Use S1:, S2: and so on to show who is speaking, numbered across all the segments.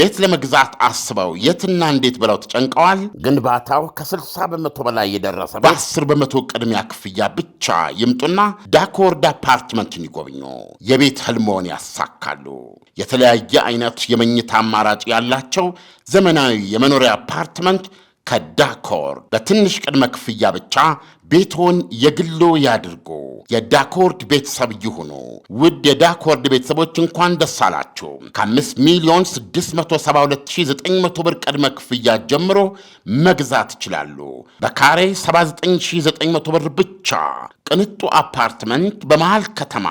S1: ቤት ለመግዛት አስበው የትና እንዴት ብለው ተጨንቀዋል።
S2: ግንባታው ከ60 በመቶ በላይ የደረሰ
S1: በ10 በመቶ ቅድሚያ ክፍያ ብቻ ይምጡና ዳኮርድ አፓርትመንትን ይጎብኙ። የቤት ህልሞን ያሳካሉ። የተለያየ አይነት የመኝታ አማራጭ ያላቸው ዘመናዊ የመኖሪያ አፓርትመንት ከዳኮር በትንሽ ቅድመ ክፍያ ብቻ ቤቶን የግሎ ያድርጎ። የዳኮርድ ቤተሰብ ይሁኑ። ውድ የዳኮርድ ቤተሰቦች እንኳን ደስ አላችሁ። ከ5 ሚሊዮን 672900 ብር ቅድመ ክፍያ ጀምሮ መግዛት ይችላሉ። በካሬ 79900 ብር ብቻ ቅንጡ አፓርትመንት በመሃል ከተማ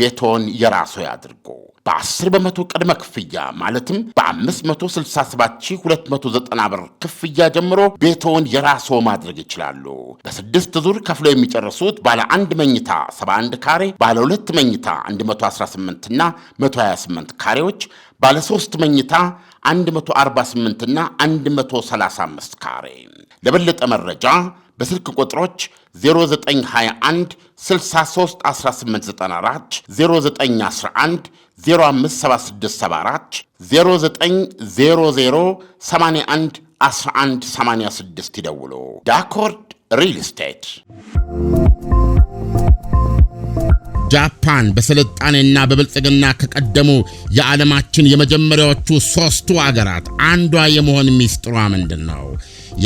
S1: ቤቶን የራሶ ያድርጎ። በ10 በመቶ ቅድመ ክፍያ ማለትም በ567290 ብር ክፍያ ጀምሮ ቤቶን የራሶ ማድረግ ይችላሉ። በስድስት ዙር ከፍለው የሚጨርሱት ባለ አንድ መኝታ 71 ካሬ፣ ባለ ሁለት መኝታ 118 እና 128 ካሬዎች፣ ባለ ሶስት መኝታ 148 እና 135 ካሬ። ለበለጠ መረጃ በስልክ ቁጥሮች 0921 63 1894 0911 0576 0900 81 1186 ይደውሉ። ዳኮርድ ሪል ስቴት ጃፓን በስልጣኔና በብልጽግና ከቀደሙ የዓለማችን የመጀመሪያዎቹ ሦስቱ አገራት አንዷ የመሆን ሚስጥሯ ምንድን ነው?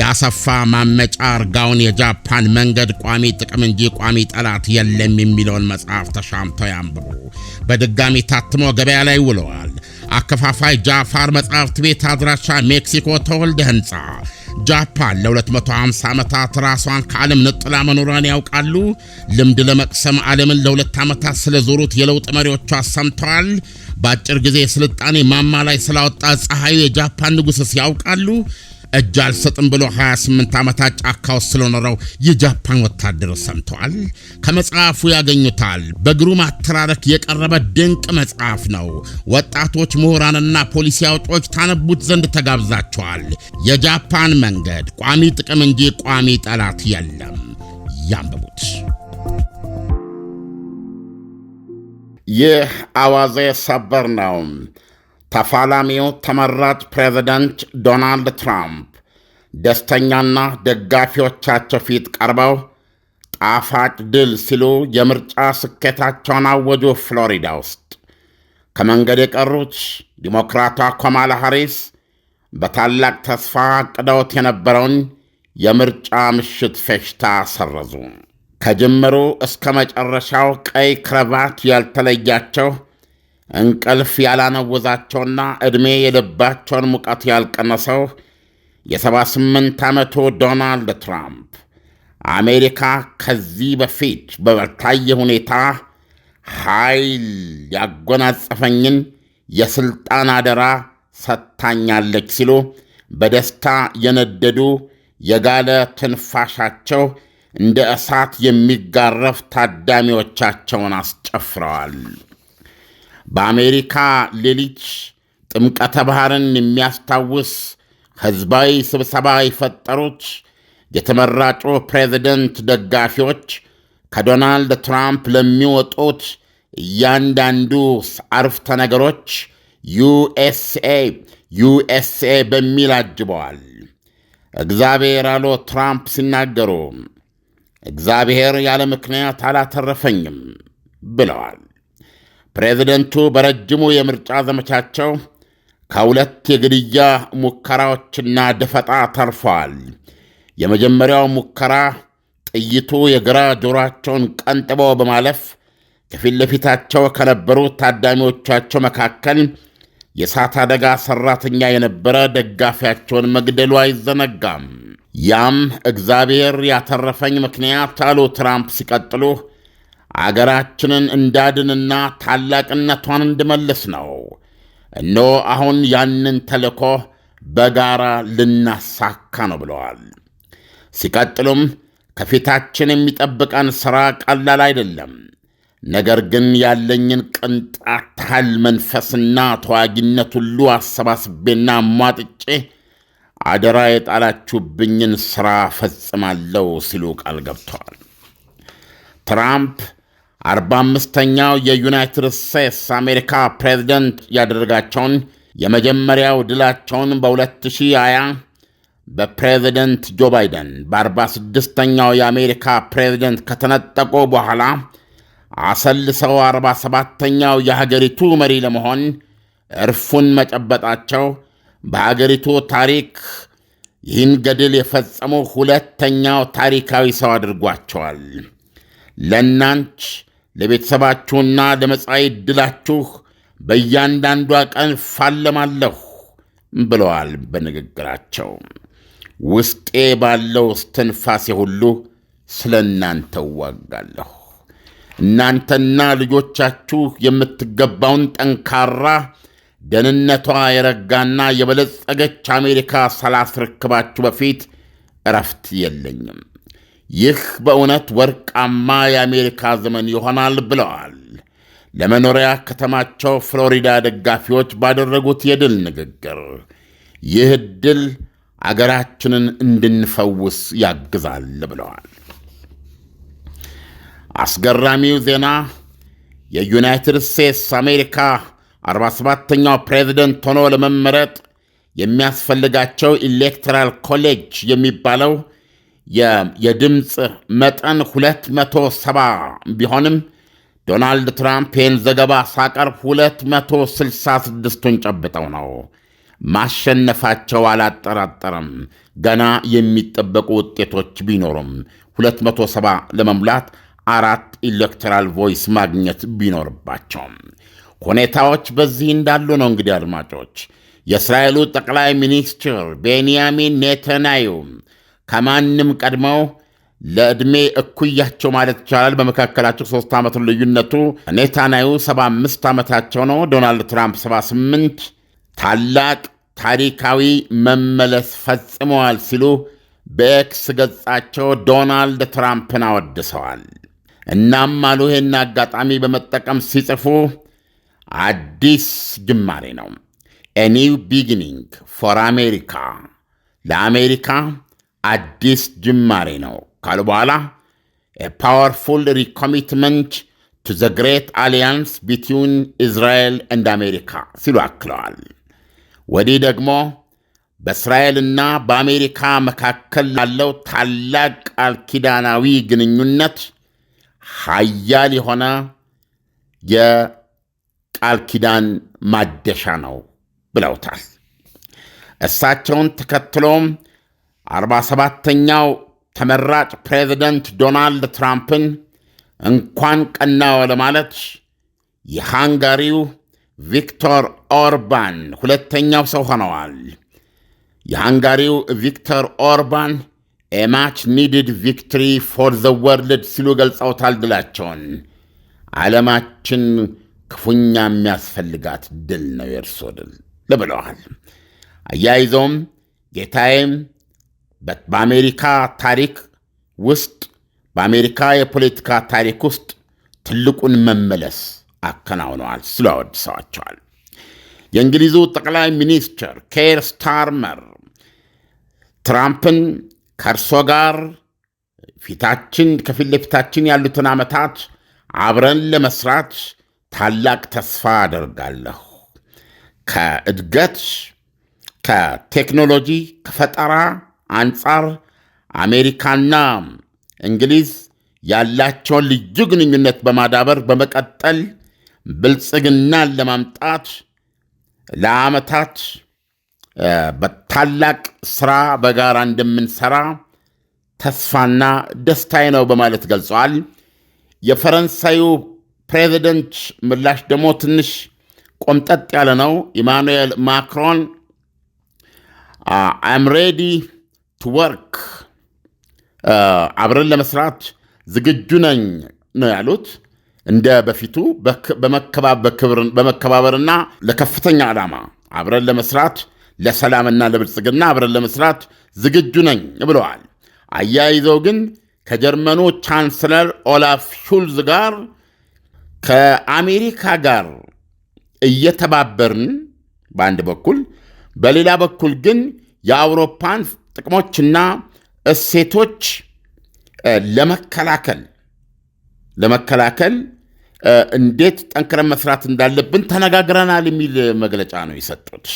S1: ያሰፋ ማመጫ አርጋውን የጃፓን መንገድ ቋሚ ጥቅም እንጂ ቋሚ ጠላት የለም የሚለውን መጽሐፍ ተሻምተው ያንብቡ። በድጋሚ ታትሞ ገበያ ላይ ውለዋል። አከፋፋይ ጃፋር መጽሐፍት ቤት አድራሻ ሜክሲኮ ተወልደ ህንፃ ጃፓን ለ250 ዓመታት ራሷን ከዓለም ንጥላ መኖሯን ያውቃሉ። ልምድ ለመቅሰም ዓለምን ለሁለት ዓመታት ስለዞሩት የለውጥ መሪዎቿ ሰምተዋል። በአጭር ጊዜ የስልጣኔ ማማ ላይ ስላወጣ ፀሐዩ የጃፓን ንጉሥስ ያውቃሉ። እጅ አልሰጥም ብሎ 28 ዓመታት ጫካ ውስጥ ስለኖረው የጃፓን ወታደር ሰምተዋል። ከመጽሐፉ ያገኙታል። በግሩም አተራረክ የቀረበ ድንቅ መጽሐፍ ነው። ወጣቶች ምሁራንና ፖሊሲ አውጪዎች ታነቡት ዘንድ ተጋብዛቸዋል። የጃፓን መንገድ ቋሚ ጥቅም እንጂ ቋሚ ጠላት የለም። ያንብቡት። ይህ አዋዜ ሰበር ነው። ተፋላሚው ተመራጭ ፕሬዚደንት ዶናልድ ትራምፕ ደስተኛና ደጋፊዎቻቸው ፊት ቀርበው ጣፋጭ ድል ሲሉ የምርጫ ስኬታቸውን አወጁ። ፍሎሪዳ ውስጥ ከመንገድ የቀሩት ዲሞክራቷ ኮማላ ሐሪስ በታላቅ ተስፋ አቅደውት የነበረውን የምርጫ ምሽት ፌሽታ ሰረዙ። ከጅምሩ እስከ መጨረሻው ቀይ ክረባት ያልተለያቸው እንቅልፍ ያላነወዛቸውና ዕድሜ የልባቸውን ሙቀት ያልቀነሰው የ78 ዓመቱ ዶናልድ ትራምፕ አሜሪካ ከዚህ በፊት በበታየ ሁኔታ ኃይል ያጎናጸፈኝን የሥልጣን አደራ ሰጥታኛለች ሲሉ በደስታ የነደዱ የጋለ ትንፋሻቸው እንደ እሳት የሚጋረፍ ታዳሚዎቻቸውን አስጨፍረዋል። በአሜሪካ ሌሊች ጥምቀተ ባሕርን የሚያስታውስ ሕዝባዊ ስብሰባ የፈጠሩት የተመራጩ ፕሬዚደንት ደጋፊዎች ከዶናልድ ትራምፕ ለሚወጡት እያንዳንዱ አርፍተ ነገሮች ዩኤስኤ ዩኤስኤ በሚል አጅበዋል። እግዚአብሔር አሉ ትራምፕ ሲናገሩ፣ እግዚአብሔር ያለ ምክንያት አላተረፈኝም ብለዋል። ፕሬዚደንቱ በረጅሙ የምርጫ ዘመቻቸው ከሁለት የግድያ ሙከራዎችና ደፈጣ ተርፈዋል። የመጀመሪያው ሙከራ ጥይቱ የግራ ጆሮአቸውን ቀንጥቦ በማለፍ ከፊት ለፊታቸው ከነበሩ ታዳሚዎቻቸው መካከል የእሳት አደጋ ሠራተኛ የነበረ ደጋፊያቸውን መግደሉ አይዘነጋም። ያም እግዚአብሔር ያተረፈኝ ምክንያት አሉ ትራምፕ ሲቀጥሉ አገራችንን እንዳድንና ታላቅነቷን እንድመልስ ነው። እነሆ አሁን ያንን ተልእኮ በጋራ ልናሳካ ነው ብለዋል። ሲቀጥሉም ከፊታችን የሚጠብቀን ሥራ ቀላል አይደለም። ነገር ግን ያለኝን ቅንጣት ታህል መንፈስና ተዋጊነት ሁሉ አሰባስቤና አሟጥጬ አደራ የጣላችሁብኝን ሥራ ፈጽማለሁ ሲሉ ቃል ገብተዋል። ትራምፕ አርባ አምስተኛው የዩናይትድ ስቴትስ አሜሪካ ፕሬዝደንት ያደረጋቸውን የመጀመሪያው ድላቸውን በ2020 በፕሬዚደንት ጆ ባይደን በ46ኛው የአሜሪካ ፕሬዝደንት ከተነጠቁ በኋላ አሰልሰው 47ኛው የሀገሪቱ መሪ ለመሆን እርፉን መጨበጣቸው በሀገሪቱ ታሪክ ይህን ገድል የፈጸሙ ሁለተኛው ታሪካዊ ሰው አድርጓቸዋል። ለእናንች ለቤተሰባችሁና ለመጻኢ ዕድላችሁ በእያንዳንዷ ቀን ፋለማለሁ ብለዋል። በንግግራቸው ውስጤ ባለው እስትንፋሴ ሁሉ ስለ እናንተ እዋጋለሁ። እናንተና ልጆቻችሁ የምትገባውን ጠንካራ ደህንነቷ የረጋና የበለጸገች አሜሪካ ሳላስረክባችሁ በፊት እረፍት የለኝም። ይህ በእውነት ወርቃማ የአሜሪካ ዘመን ይሆናል ብለዋል። ለመኖሪያ ከተማቸው ፍሎሪዳ ደጋፊዎች ባደረጉት የድል ንግግር ይህ ድል አገራችንን እንድንፈውስ ያግዛል ብለዋል። አስገራሚው ዜና የዩናይትድ ስቴትስ አሜሪካ 47ኛው ፕሬዝደንት ሆኖ ለመመረጥ የሚያስፈልጋቸው ኢሌክትራል ኮሌጅ የሚባለው የድምፅ መጠን 270 ቢሆንም ዶናልድ ይህን ዘገባ ሳቀርብ 266ቱን ጨብጠው ነው። ማሸነፋቸው አላጠራጠረም። ገና የሚጠበቁ ውጤቶች ቢኖሩም 270 ለመሙላት አራት ኤሌክትራል ቮይስ ማግኘት ቢኖርባቸውም ሁኔታዎች በዚህ እንዳሉ ነው። እንግዲህ አድማጮች የእስራኤሉ ጠቅላይ ሚኒስትር ቤንያሚን ኔተናዩ ከማንም ቀድመው ለዕድሜ እኩያቸው ማለት ይቻላል በመካከላቸው ሶስት ዓመት ልዩነቱ ኔታናዩ 75 ዓመታቸው ነው። ዶናልድ ትራምፕ 78 ታላቅ ታሪካዊ መመለስ ፈጽመዋል ሲሉ በኤክስ ገጻቸው ዶናልድ ትራምፕን አወድሰዋል። እናም አሉ ይህን አጋጣሚ በመጠቀም ሲጽፉ አዲስ ጅማሬ ነው ኒው ቢግኒንግ ፎር አሜሪካ ለአሜሪካ አዲስ ጅማሬ ነው ካሉ በኋላ ፓወርፉል ሪኮሚትመንት ቱ ዘ ግሬት አሊያንስ ቢትዊን ኢዝራኤል እንድ አሜሪካ ሲሉ አክለዋል። ወዲህ ደግሞ በእስራኤልና በአሜሪካ መካከል ላለው ታላቅ ቃል ኪዳናዊ ግንኙነት ኃያል የሆነ የቃል ኪዳን ማደሻ ነው ብለውታል። እሳቸውን ተከትሎም 47ተኛው ተመራጭ ፕሬዚደንት ዶናልድ ትራምፕን እንኳን ቀናው ለማለት የሃንጋሪው ቪክቶር ኦርባን ሁለተኛው ሰው ሆነዋል። የሃንጋሪው ቪክቶር ኦርባን ኤማች ኒድድ ቪክትሪ ፎር ዘ ወርልድ ሲሉ ገልጸውታል ድላቸውን። ዓለማችን ክፉኛ የሚያስፈልጋት ድል ነው የእርሶ ድል ብለዋል። አያይዘውም ጌታዬም በአሜሪካ ታሪክ ውስጥ በአሜሪካ የፖለቲካ ታሪክ ውስጥ ትልቁን መመለስ አከናውነዋል ስሉ አወድሰዋቸዋል። የእንግሊዙ ጠቅላይ ሚኒስትር ኬር ስታርመር ትራምፕን ከእርሶ ጋር ፊታችን ከፊት ለፊታችን ያሉትን ዓመታት አብረን ለመስራት ታላቅ ተስፋ አደርጋለሁ ከእድገት ከቴክኖሎጂ ከፈጠራ አንጻር አሜሪካና እንግሊዝ ያላቸውን ልዩ ግንኙነት በማዳበር በመቀጠል ብልጽግናን ለማምጣት ለዓመታት በታላቅ ስራ በጋራ እንደምንሰራ ተስፋና ደስታዬ ነው በማለት ገልጸዋል። የፈረንሳዩ ፕሬዚደንት ምላሽ ደግሞ ትንሽ ቆምጠጥ ያለ ነው። ኢማኑኤል ማክሮን አም ሬዲ ቱ ወርክ አብረን ለመስራት ዝግጁ ነኝ ነው ያሉት። እንደ በፊቱ በመከባበርና ለከፍተኛ ዓላማ አብረን ለመስራት ለሰላምና ለብልጽግና አብረን ለመስራት ዝግጁ ነኝ ብለዋል። አያይዘው ግን ከጀርመኑ ቻንስለር ኦላፍ ሹልዝ ጋር ከአሜሪካ ጋር እየተባበርን በአንድ በኩል፣ በሌላ በኩል ግን የአውሮፓን ጥቅሞችና እሴቶች ለመከላከል ለመከላከል እንዴት ጠንክረን መስራት እንዳለብን ተነጋግረናል የሚል መግለጫ ነው የሰጡት።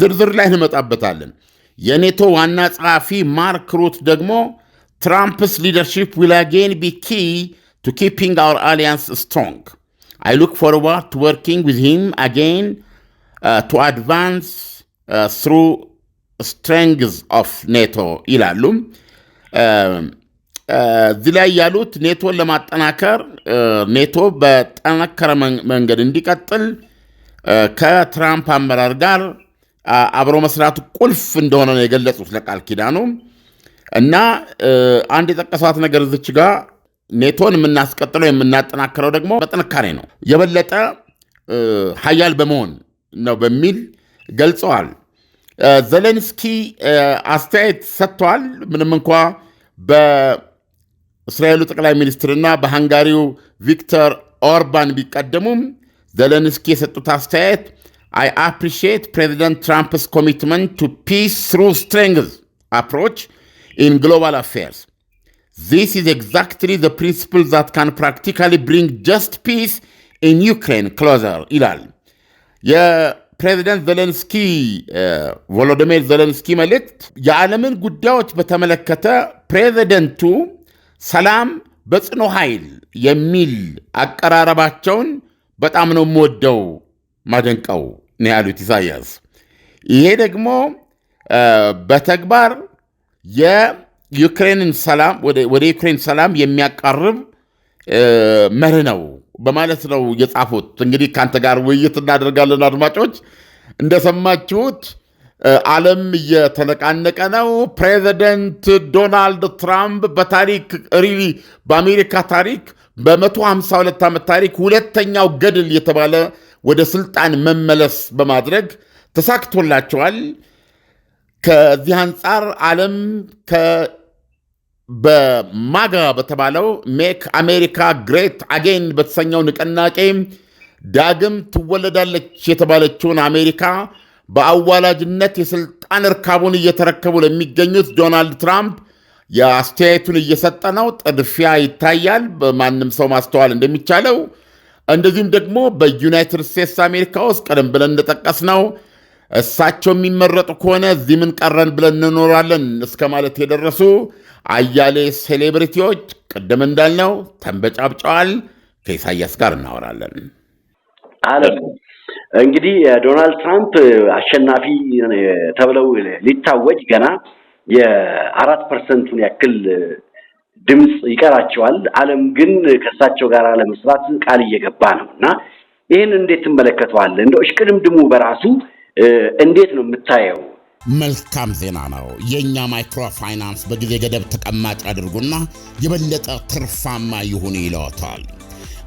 S1: ዝርዝር ላይ እንመጣበታለን። የኔቶ ዋና ጸሐፊ ማርክ ሩት ደግሞ ትራምፕስ ሊደርሺፕ ዊል አጌን ቢ ኪ ቱ ኪፒንግ አወር አሊያንስ ስትሮንግ አይ ሉክ ፎርዋርድ ቱ ወርኪንግ ዊዝ ሂም አጌን ቱ አድቫንስ ስሩ ስትሬንግዝ ኦፍ ኔቶ ይላሉ። እዚህ ላይ ያሉት ኔቶን ለማጠናከር ኔቶ በጠነከረ መንገድ እንዲቀጥል ከትራምፕ አመራር ጋር አብሮ መስራቱ ቁልፍ እንደሆነ ነው የገለጹት ለቃል ኪዳኑ እና አንድ የጠቀሷት ነገር ዝች ጋር ኔቶን የምናስቀጥለው የምናጠናክረው ደግሞ በጥንካሬ ነው፣ የበለጠ ሀያል በመሆን ነው በሚል ገልጸዋል። ዘሌንስኪ አስተያየት ሰጥተዋል። ምንም እንኳ በእስራኤሉ ጠቅላይ ሚኒስትርና በሃንጋሪው ቪክተር ኦርባን ቢቀደሙም ዘለንስኪ የሰጡት አስተያየት አይ አፕሪሺየት ፕሬዚደንት ትራምፕስ ኮሚትመንት ቱ ፒስ ትሩ ስትሬንግዝ አፕሮች ኢን ግሎባል አፌርስ ዚስ ኢዝ ኤግዛክትሊ ዘ ፕሪንሲፕል ዛት ካን ፕራክቲካሊ ብሪንግ ጀስት ፒስ ኢን ዩክሬን ክሎዘር ይላል። ፕሬዚደንት ዘሌንስኪ ቮሎዲሚር ዘሌንስኪ መልእክት የዓለምን ጉዳዮች በተመለከተ ፕሬዚደንቱ ሰላም በጽኑ ኃይል የሚል አቀራረባቸውን በጣም ነው የምወደው ማደንቀው ነው ያሉት ኢሳያስ። ይሄ ደግሞ በተግባር የዩክሬንን ሰላም ወደ ዩክሬን ሰላም የሚያቃርብ መርህ ነው በማለት ነው የጻፉት። እንግዲህ ከአንተ ጋር ውይይት እናደርጋለን። አድማጮች እንደሰማችሁት ዓለም እየተነቃነቀ ነው። ፕሬዚደንት ዶናልድ ትራምፕ በታሪክ ሪሊ በአሜሪካ ታሪክ በ152 ዓመት ታሪክ ሁለተኛው ገድል የተባለ ወደ ስልጣን መመለስ በማድረግ ተሳክቶላቸዋል። ከዚህ አንጻር ዓለም በማጋ በተባለው ሜክ አሜሪካ ግሬት አጌን በተሰኘው ንቅናቄ ዳግም ትወለዳለች የተባለችውን አሜሪካ በአዋላጅነት የስልጣን እርካቡን እየተረከቡ ለሚገኙት ዶናልድ ትራምፕ የአስተያየቱን እየሰጠ ነው። ጥድፊያ ይታያል፣ በማንም ሰው ማስተዋል እንደሚቻለው። እንደዚሁም ደግሞ በዩናይትድ ስቴትስ አሜሪካ ውስጥ ቀደም ብለን እንደጠቀስ ነው። እሳቸው የሚመረጡ ከሆነ እዚህ ምን ቀረን ብለን እንኖራለን እስከ ማለት የደረሱ አያሌ ሴሌብሪቲዎች ቅድም እንዳልነው ተንበጫብጨዋል። ከኢሳያስ ጋር እናወራለን።
S2: አለም እንግዲህ ዶናልድ ትራምፕ አሸናፊ ተብለው ሊታወጅ ገና የአራት ፐርሰንቱን ያክል ድምፅ ይቀራቸዋል። አለም ግን ከእሳቸው ጋር ለመስራት ቃል እየገባ ነው እና ይህን እንዴት ትመለከተዋለህ? እንደው እሽቅድምድሙ በራሱ እንዴት ነው የምታየው?
S1: መልካም ዜና ነው። የእኛ ማይክሮ ፋይናንስ በጊዜ ገደብ ተቀማጭ አድርጉና የበለጠ ትርፋማ ይሁን ይለዎታል።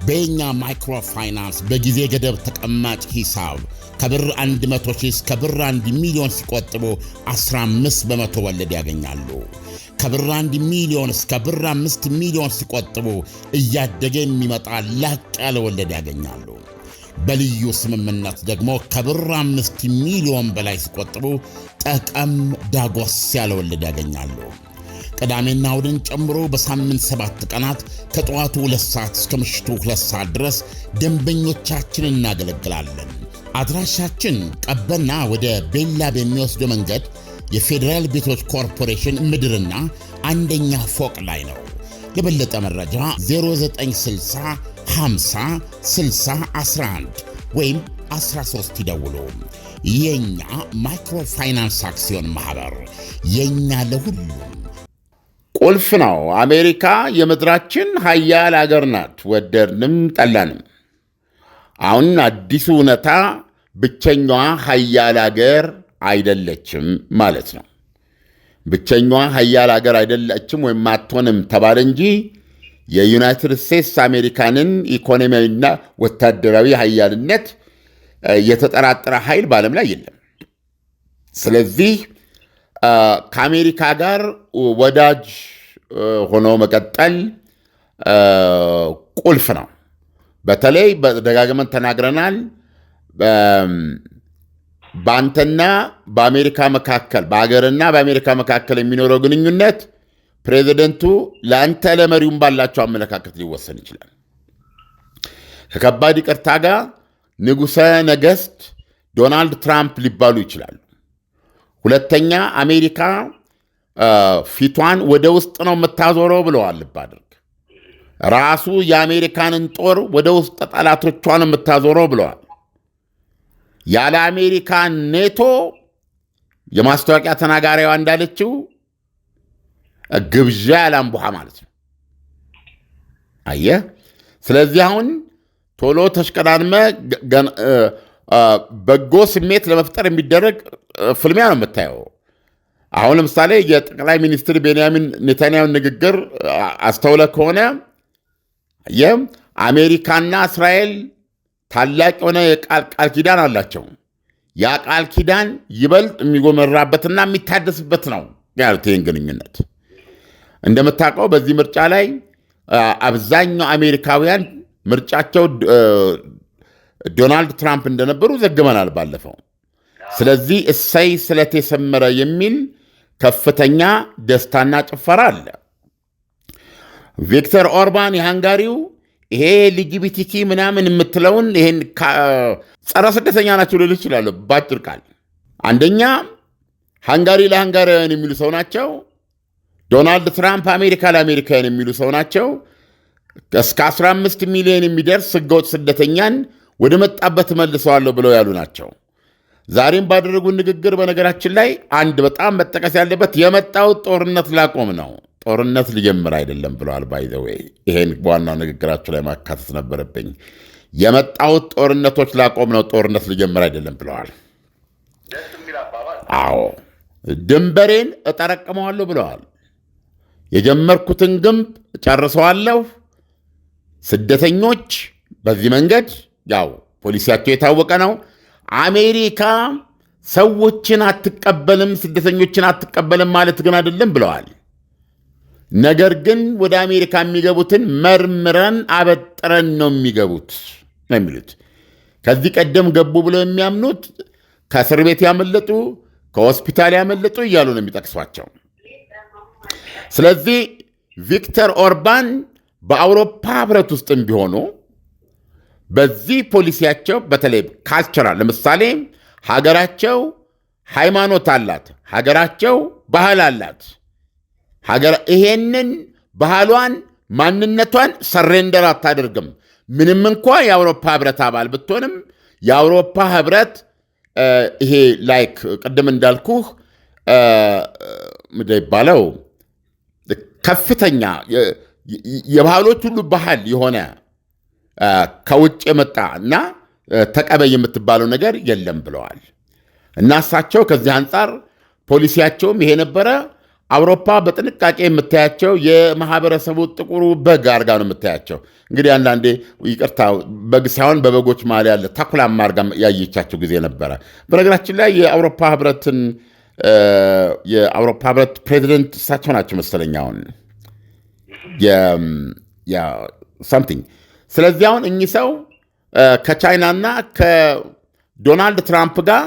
S1: በኛ ማይክሮ ፋይናንስ በጊዜ ገደብ ተቀማጭ ሂሳብ ከብር 100 ሺህ እስከ ብር 1 ሚሊዮን ሲቆጥቡ 15 በመቶ ወለድ ያገኛሉ። ከብር 1 ሚሊዮን እስከ ብር 5 ሚሊዮን ሲቆጥቡ እያደገ የሚመጣ ላቅ ያለ ወለድ ያገኛሉ። በልዩ ስምምነት ደግሞ ከብር አምስት ሚሊዮን በላይ ሲቆጥሩ ጠቀም ዳጎስ ያለ ወለድ ያገኛሉ። ቅዳሜና እሁድን ጨምሮ በሳምንት ሰባት ቀናት ከጠዋቱ ሁለት ሰዓት እስከ ምሽቱ ሁለት ሰዓት ድረስ ደንበኞቻችን እናገለግላለን። አድራሻችን ቀበና ወደ ቤላ በሚወስደው መንገድ የፌዴራል ቤቶች ኮርፖሬሽን ምድርና አንደኛ ፎቅ ላይ ነው። የበለጠ መረጃ 0960 50 60 11 ወይም 13 ይደውሉ። የእኛ ማይክሮፋይናንስ አክሲዮን ማኅበር የእኛ ለሁሉም ቁልፍ ነው። አሜሪካ የምድራችን ሀያል አገር ናት፣ ወደድንም ጠላንም። አሁን አዲሱ እውነታ ብቸኛዋ ሀያል አገር አይደለችም ማለት ነው። ብቸኛዋ ሀያል አገር አይደለችም ወይም አትሆንም ተባለ እንጂ የዩናይትድ ስቴትስ አሜሪካንን ኢኮኖሚያዊና ወታደራዊ ሀያልነት የተጠራጠረ ኃይል በዓለም ላይ የለም። ስለዚህ ከአሜሪካ ጋር ወዳጅ ሆኖ መቀጠል ቁልፍ ነው። በተለይ በደጋግመን ተናግረናል። በአንተና በአሜሪካ መካከል በሀገርና በአሜሪካ መካከል የሚኖረው ግንኙነት ፕሬዚደንቱ ለአንተ ለመሪውም ባላቸው አመለካከት ሊወሰን ይችላል። ከከባድ ይቅርታ ጋር ንጉሠ ነገሥት ዶናልድ ትራምፕ ሊባሉ ይችላሉ። ሁለተኛ አሜሪካ ፊቷን ወደ ውስጥ ነው የምታዞረው ብለዋል። ልባድርግ ራሱ የአሜሪካንን ጦር ወደ ውስጥ ጠላቶቿን የምታዞረው ብለዋል። ያለ አሜሪካ ኔቶ የማስታወቂያ ተናጋሪዋ እንዳለችው ግብዣ ያላምቡሃ ማለት ነው። አየህ፣ ስለዚህ አሁን ቶሎ ተሽቀዳድመ በጎ ስሜት ለመፍጠር የሚደረግ ፍልሚያ ነው የምታየው። አሁን ለምሳሌ የጠቅላይ ሚኒስትር ቤንያሚን ኔታንያሁን ንግግር አስተውለ ከሆነ የአሜሪካና እስራኤል ታላቅ የሆነ የቃል ቃል ኪዳን አላቸው። ያ ቃል ኪዳን ይበልጥ የሚጎመራበትና የሚታደስበት ነው ያሉት ይህን ግንኙነት እንደምታውቀው በዚህ ምርጫ ላይ አብዛኛው አሜሪካውያን ምርጫቸው ዶናልድ ትራምፕ እንደነበሩ ዘግበናል ባለፈው። ስለዚህ እሰይ ስለተሰመረ የሚል ከፍተኛ ደስታና ጭፈራ አለ። ቪክተር ኦርባን የሃንጋሪው ይሄ ልጅቢቲኪ ምናምን የምትለውን ይሄን ጸረ ስደተኛ ናቸው ልል ይችላሉ። ባጭር ቃል አንደኛ ሃንጋሪ ለሃንጋሪያውያን የሚሉ ሰው ናቸው። ዶናልድ ትራምፕ አሜሪካ ለአሜሪካውያን የሚሉ ሰው ናቸው። እስከ 15 ሚሊዮን የሚደርስ ህገወጥ ስደተኛን ወደ መጣበት መልሰዋለሁ ብለው ያሉ ናቸው። ዛሬም ባደረጉ ንግግር በነገራችን ላይ አንድ በጣም መጠቀስ ያለበት የመጣው ጦርነት ላቆም ነው። ጦርነት ሊጀምር አይደለም ብለዋል። ባይዘዌይ ይሄን በዋናው ንግግራቸው ላይ ማካተት ነበረብኝ። የመጣሁት ጦርነቶች ላቆም ነው፣ ጦርነት ሊጀምር አይደለም ብለዋል። አዎ ድንበሬን እጠረቅመዋለሁ ብለዋል። የጀመርኩትን ግንብ ጨርሰዋለሁ። ስደተኞች በዚህ መንገድ ያው ፖሊሲያቸው የታወቀ ነው። አሜሪካ ሰዎችን አትቀበልም፣ ስደተኞችን አትቀበልም ማለት ግን አይደለም ብለዋል። ነገር ግን ወደ አሜሪካ የሚገቡትን መርምረን አበጥረን ነው የሚገቡት የሚሉት። ከዚህ ቀደም ገቡ ብለው የሚያምኑት ከእስር ቤት ያመለጡ፣ ከሆስፒታል ያመለጡ እያሉ ነው የሚጠቅሷቸው። ስለዚህ ቪክተር ኦርባን በአውሮፓ ህብረት ውስጥም ቢሆኑ በዚህ ፖሊሲያቸው በተለይ ካልቸራል ለምሳሌ ሀገራቸው ሃይማኖት አላት፣ ሀገራቸው ባህል አላት ይሄንን ባህሏን ማንነቷን ሰሬንደር አታደርግም። ምንም እንኳ የአውሮፓ ህብረት አባል ብትሆንም የአውሮፓ ህብረት ይሄ ላይክ ቅድም እንዳልኩህ ምንድን ይባለው ከፍተኛ የባህሎች ሁሉ ባህል የሆነ ከውጭ የመጣ እና ተቀበይ የምትባለው ነገር የለም ብለዋል እና እሳቸው ከዚህ አንጻር ፖሊሲያቸውም ይሄ ነበረ። አውሮፓ በጥንቃቄ የምታያቸው የማህበረሰቡ ጥቁሩ በግ አርጋ ነው የምታያቸው። እንግዲህ አንዳንዴ ይቅርታ በግ ሳይሆን በበጎች መሃል ያለ ተኩላማ አርጋ ያየቻቸው ጊዜ ነበረ። በነገራችን ላይ የአውሮፓ ህብረትን የአውሮፓ ህብረት ፕሬዚደንት እሳቸው ናቸው መሰለኝ አሁን ሳምቲንግ። ስለዚህ አሁን እኚህ ሰው ከቻይናና ከዶናልድ ትራምፕ ጋር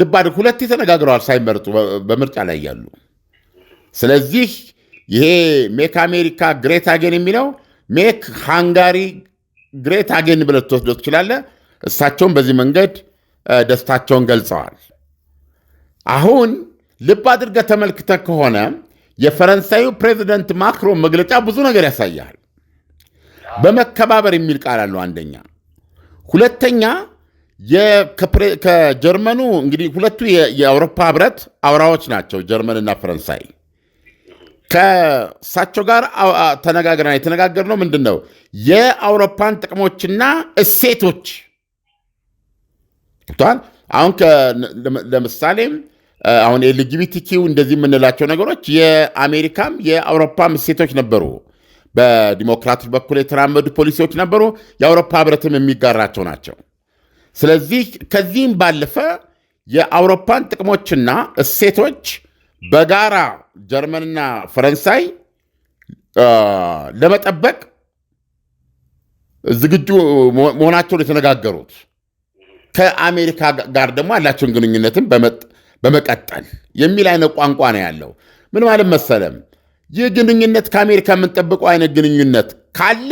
S1: ልባድ ሁለት ተነጋግረዋል ሳይመርጡ በምርጫ ላይ ያሉ ስለዚህ ይሄ ሜክ አሜሪካ ግሬት አገን የሚለው ሜክ ሃንጋሪ ግሬት አገን ብለህ ትወስዶ ትችላለህ። እሳቸውም በዚህ መንገድ ደስታቸውን ገልጸዋል። አሁን ልብ አድርገህ ተመልክተህ ከሆነ የፈረንሳዩ ፕሬዚደንት ማክሮን መግለጫ ብዙ ነገር ያሳያል። በመከባበር የሚል ቃል አለው አንደኛ። ሁለተኛ ከጀርመኑ እንግዲህ ሁለቱ የአውሮፓ ህብረት አውራዎች ናቸው ጀርመንና ፈረንሳይ። ከእሳቸው ጋር ተነጋግረናል። የተነጋገርነው ምንድን ነው? የአውሮፓን ጥቅሞችና እሴቶች ብቷል። አሁን ለምሳሌ አሁን ኤልጂቢቲኪው እንደዚህ የምንላቸው ነገሮች የአሜሪካም የአውሮፓም እሴቶች ነበሩ። በዲሞክራቶች በኩል የተራመዱ ፖሊሲዎች ነበሩ። የአውሮፓ ህብረትም የሚጋራቸው ናቸው። ስለዚህ ከዚህም ባለፈ የአውሮፓን ጥቅሞችና እሴቶች በጋራ ጀርመንና ፈረንሳይ ለመጠበቅ ዝግጁ መሆናቸውን የተነጋገሩት ከአሜሪካ ጋር ደግሞ ያላቸውን ግንኙነትን በመቀጠል የሚል አይነት ቋንቋ ነው ያለው። ምን ማለት መሰለም፣ ይህ ግንኙነት ከአሜሪካ የምንጠብቀው አይነት ግንኙነት ካለ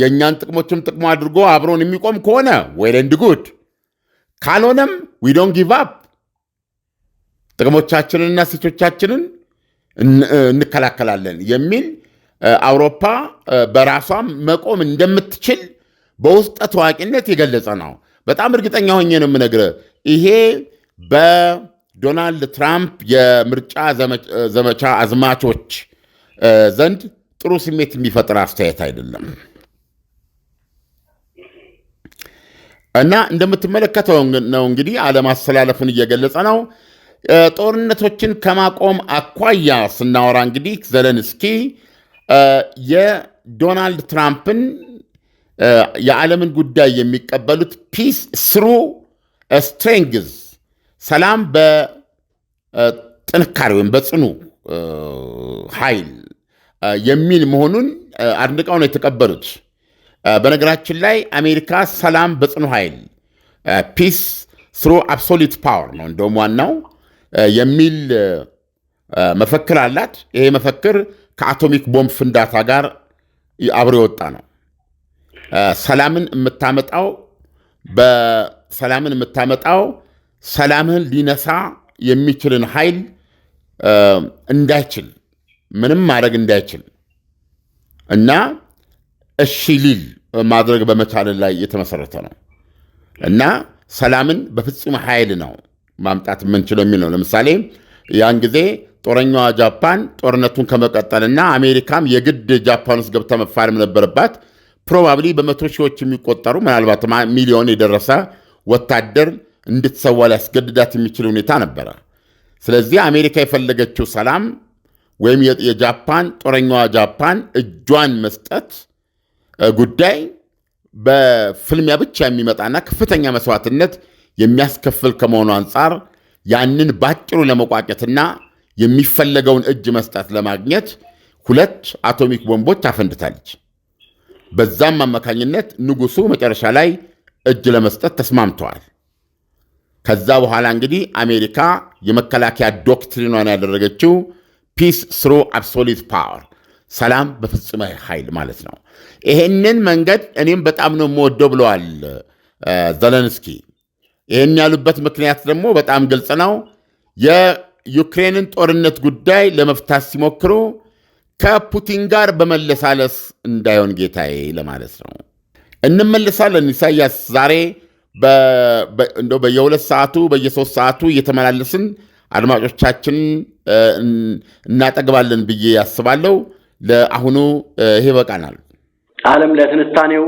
S1: የእኛን ጥቅሞችም ጥቅሞ አድርጎ አብሮን የሚቆም ከሆነ ወይ ጉድ፣ ካልሆነም ዊ ዶንት ጊቭ አፕ ጥቅሞቻችንንና ሴቶቻችንን እንከላከላለን የሚል አውሮፓ በራሷም መቆም እንደምትችል በውስጠ ታዋቂነት የገለጸ ነው። በጣም እርግጠኛ ሆኜ ነው የምነግርህ። ይሄ በዶናልድ ትራምፕ የምርጫ ዘመቻ አዝማቾች ዘንድ ጥሩ ስሜት የሚፈጥር አስተያየት አይደለም እና እንደምትመለከተው ነው እንግዲህ አለማስተላለፉን እየገለጸ ነው። ጦርነቶችን ከማቆም አኳያ ስናወራ እንግዲህ ዘለንስኪ የዶናልድ ትራምፕን የዓለምን ጉዳይ የሚቀበሉት ፒስ ስሩ ስትሬንግዝ ሰላም በጥንካሬ ወይም በጽኑ ኃይል የሚል መሆኑን አድንቀው ነው የተቀበሉት። በነገራችን ላይ አሜሪካ ሰላም በጽኑ ኃይል ፒስ ስሩ አብሶሊት ፓወር ነው እንደውም ዋናው የሚል መፈክር አላት። ይሄ መፈክር ከአቶሚክ ቦምብ ፍንዳታ ጋር አብሮ የወጣ ነው። ሰላምን የምታመጣው በሰላምን የምታመጣው ሰላምን ሊነሳ የሚችልን ኃይል እንዳይችል ምንም ማድረግ እንዳይችል እና እሺ ሊል ማድረግ በመቻልን ላይ የተመሰረተ ነው እና ሰላምን በፍጹም ኃይል ነው ማምጣት የምንችለው የሚል ነው። ለምሳሌ ያን ጊዜ ጦረኛዋ ጃፓን ጦርነቱን ከመቀጠልና አሜሪካም የግድ ጃፓን ውስጥ ገብታ መፋለም ነበረባት። ፕሮባብሊ በመቶ ሺዎች የሚቆጠሩ ምናልባት ሚሊዮን የደረሰ ወታደር እንድትሰዋ ሊያስገድዳት የሚችል ሁኔታ ነበረ። ስለዚህ አሜሪካ የፈለገችው ሰላም ወይም የጃፓን ጦረኛዋ ጃፓን እጇን መስጠት ጉዳይ በፍልሚያ ብቻ የሚመጣና ከፍተኛ መስዋዕትነት የሚያስከፍል ከመሆኑ አንጻር ያንን ባጭሩ ለመቋጨትና የሚፈለገውን እጅ መስጠት ለማግኘት ሁለት አቶሚክ ቦምቦች አፈንድታለች። በዛም አማካኝነት ንጉሱ መጨረሻ ላይ እጅ ለመስጠት ተስማምተዋል። ከዛ በኋላ እንግዲህ አሜሪካ የመከላከያ ዶክትሪኗን ያደረገችው ፒስ ስሩ አብሶሊት ፓወር፣ ሰላም በፍጹመ ኃይል ማለት ነው። ይሄንን መንገድ እኔም በጣም ነው የምወደው ብለዋል ዘለንስኪ። ይህን ያሉበት ምክንያት ደግሞ በጣም ግልጽ ነው። የዩክሬንን ጦርነት ጉዳይ ለመፍታት ሲሞክሩ ከፑቲን ጋር በመለሳለስ እንዳይሆን ጌታዬ ለማለት ነው። እንመለሳለን። ኢሳያስ ዛሬ በየሁለት ሰዓቱ በየሶስት ሰዓቱ እየተመላለስን አድማጮቻችን እናጠግባለን ብዬ ያስባለሁ። ለአሁኑ ይህ ይበቃናል።
S2: አለም ለትንታኔው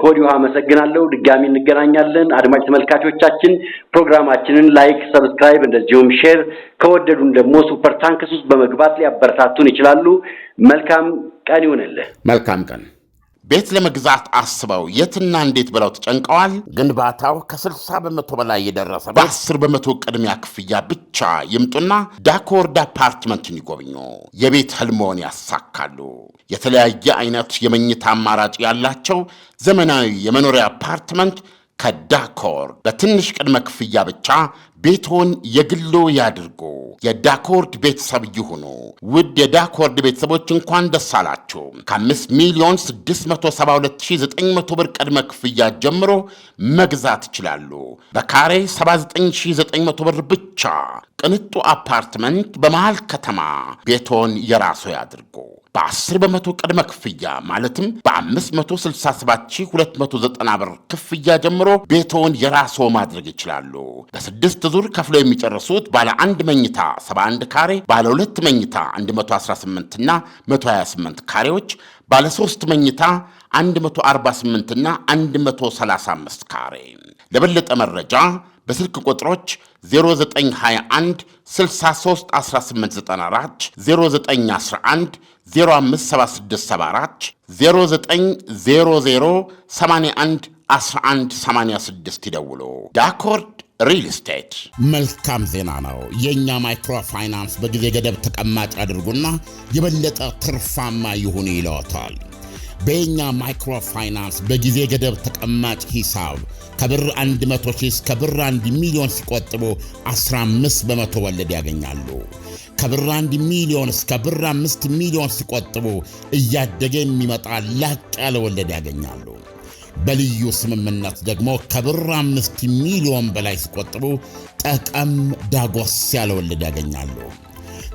S2: ከወዲሁ አመሰግናለሁ። ድጋሚ እንገናኛለን። አድማጭ ተመልካቾቻችን ፕሮግራማችንን ላይክ፣ ሰብስክራይብ እንደዚሁም ሼር ከወደዱን ደግሞ ሱፐር ታንክስ ውስጥ በመግባት ሊያበረታቱን ይችላሉ። መልካም ቀን ይሆንልህ።
S1: መልካም ቀን ቤት ለመግዛት አስበው የትና እንዴት ብለው ተጨንቀዋል።
S2: ግንባታው ከ60 በመቶ በላይ የደረሰ
S1: በ10 በመቶ ቅድሚያ ክፍያ ብቻ ይምጡና ዳኮወርድ አፓርትመንትን ይጎብኙ። የቤት ህልሞን ያሳካሉ። የተለያየ አይነት የመኝታ አማራጭ ያላቸው ዘመናዊ የመኖሪያ አፓርትመንት ከዳኮር በትንሽ ቅድመ ክፍያ ብቻ ቤቶን የግሎ ያድርጉ። የዳኮርድ ቤተሰብ ይሁኑ። ውድ የዳኮርድ ቤተሰቦች እንኳን ደስ አላችሁ። ከ5 ሚሊዮን 672900 ብር ቅድመ ክፍያ ጀምሮ መግዛት ይችላሉ። በካሬ 79900 ብር ብቻ ቅንጡ አፓርትመንት በመሃል ከተማ ቤቶን የራሱ ያድርጉ። በ10 በመቶ ቅድመ ክፍያ ማለትም በ567290 ብር ክፍያ ጀምሮ ቤቶን የራስዎ ማድረግ ይችላሉ። በስድስት ዙር ከፍለው የሚጨርሱት ባለ አንድ መኝታ 71 ካሬ፣ ባለ ሁለት መኝታ 118 እና 128 ካሬዎች ባለ ሶስት መኝታ 148 እና 135 ካሬ። ለበለጠ መረጃ በስልክ ቁጥሮች 0921 63 1894 0911 057674 0900 ይደውሉ። ዳኮርድ ሪል ስቴት። መልካም ዜና ነው። የእኛ ማይክሮ ፋይናንስ በጊዜ ገደብ ተቀማጭ አድርጉና የበለጠ ትርፋማ ይሁን ይለዎታል። በእኛ ማይክሮ ፋይናንስ በጊዜ ገደብ ተቀማጭ ሂሳብ ከብር 100 ሺህ እስከ ብር 1 ሚሊዮን ሲቆጥቡ 15 በመቶ ወለድ ያገኛሉ። ከብር 1 ሚሊዮን እስከ ብር 5 ሚሊዮን ሲቆጥቡ እያደገ የሚመጣ ላቅ ያለ ወለድ ያገኛሉ። በልዩ ስምምነት ደግሞ ከብር 5 ሚሊዮን በላይ ሲቆጥቡ ጠቀም ዳጎስ ያለ ወለድ ያገኛሉ።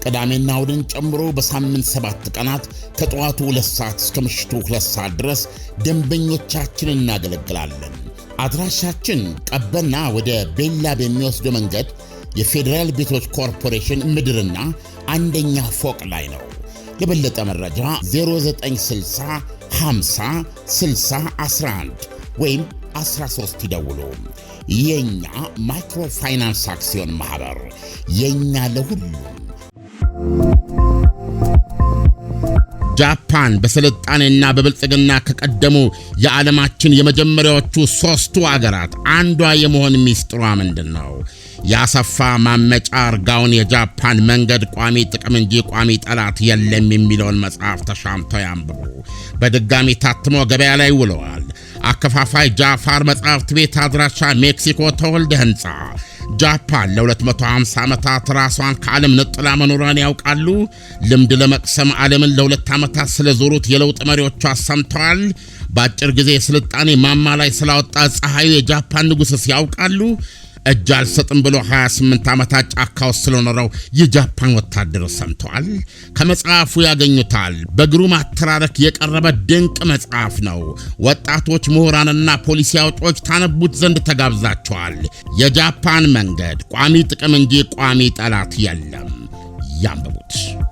S1: ቅዳሜና እሁድን ጨምሮ በሳምንት ሰባት ቀናት ከጠዋቱ ሁለት ሰዓት እስከ ምሽቱ ሁለት ሰዓት ድረስ ደንበኞቻችን እናገለግላለን። አድራሻችን ቀበና ወደ ቤላ በሚወስደው መንገድ የፌዴራል ቤቶች ኮርፖሬሽን ምድርና አንደኛ ፎቅ ላይ ነው። የበለጠ መረጃ 0960 50 60 11 ወይም 13 ይደውሉ። የእኛ ማይክሮፋይናንስ አክሲዮን ማኅበር የእኛ ለሁሉም ጃፓን በስልጣኔና በብልጽግና ከቀደሙ የዓለማችን የመጀመሪያዎቹ ሦስቱ አገራት አንዷ የመሆን ሚስጥሯ ምንድን ነው? የአሰፋ ማመጫ አርጋውን የጃፓን መንገድ ቋሚ ጥቅም እንጂ ቋሚ ጠላት የለም የሚለውን መጽሐፍ ተሻምተው ያንብቡ። በድጋሚ ታትሞ ገበያ ላይ ውለዋል። አከፋፋይ ጃፋር መጽሐፍት ቤት አድራሻ ሜክሲኮ ተወልደ ህንፃ ጃፓን ለ250 ዓመታት ራሷን ከዓለም ነጥላ መኖሯን ያውቃሉ። ልምድ ለመቅሰም ዓለምን ለሁለት ዓመታት ስለዞሩት የለውጥ መሪዎቿ ሰምተዋል። በአጭር ጊዜ የስልጣኔ ማማ ላይ ስላወጣ ፀሐዩ የጃፓን ንጉሥስ ያውቃሉ። እጅ አልሰጥም ብሎ 28 ዓመታት ጫካ ውስጥ ስለኖረው የጃፓን ወታደር ሰምተዋል። ከመጽሐፉ ያገኙታል። በግሩም አተራረክ የቀረበ ድንቅ መጽሐፍ ነው። ወጣቶች ምሁራንና ፖሊሲ አውጪዎች ታነቡት ዘንድ ተጋብዛቸዋል። የጃፓን መንገድ ቋሚ ጥቅም እንጂ ቋሚ ጠላት የለም። ያንብቡት።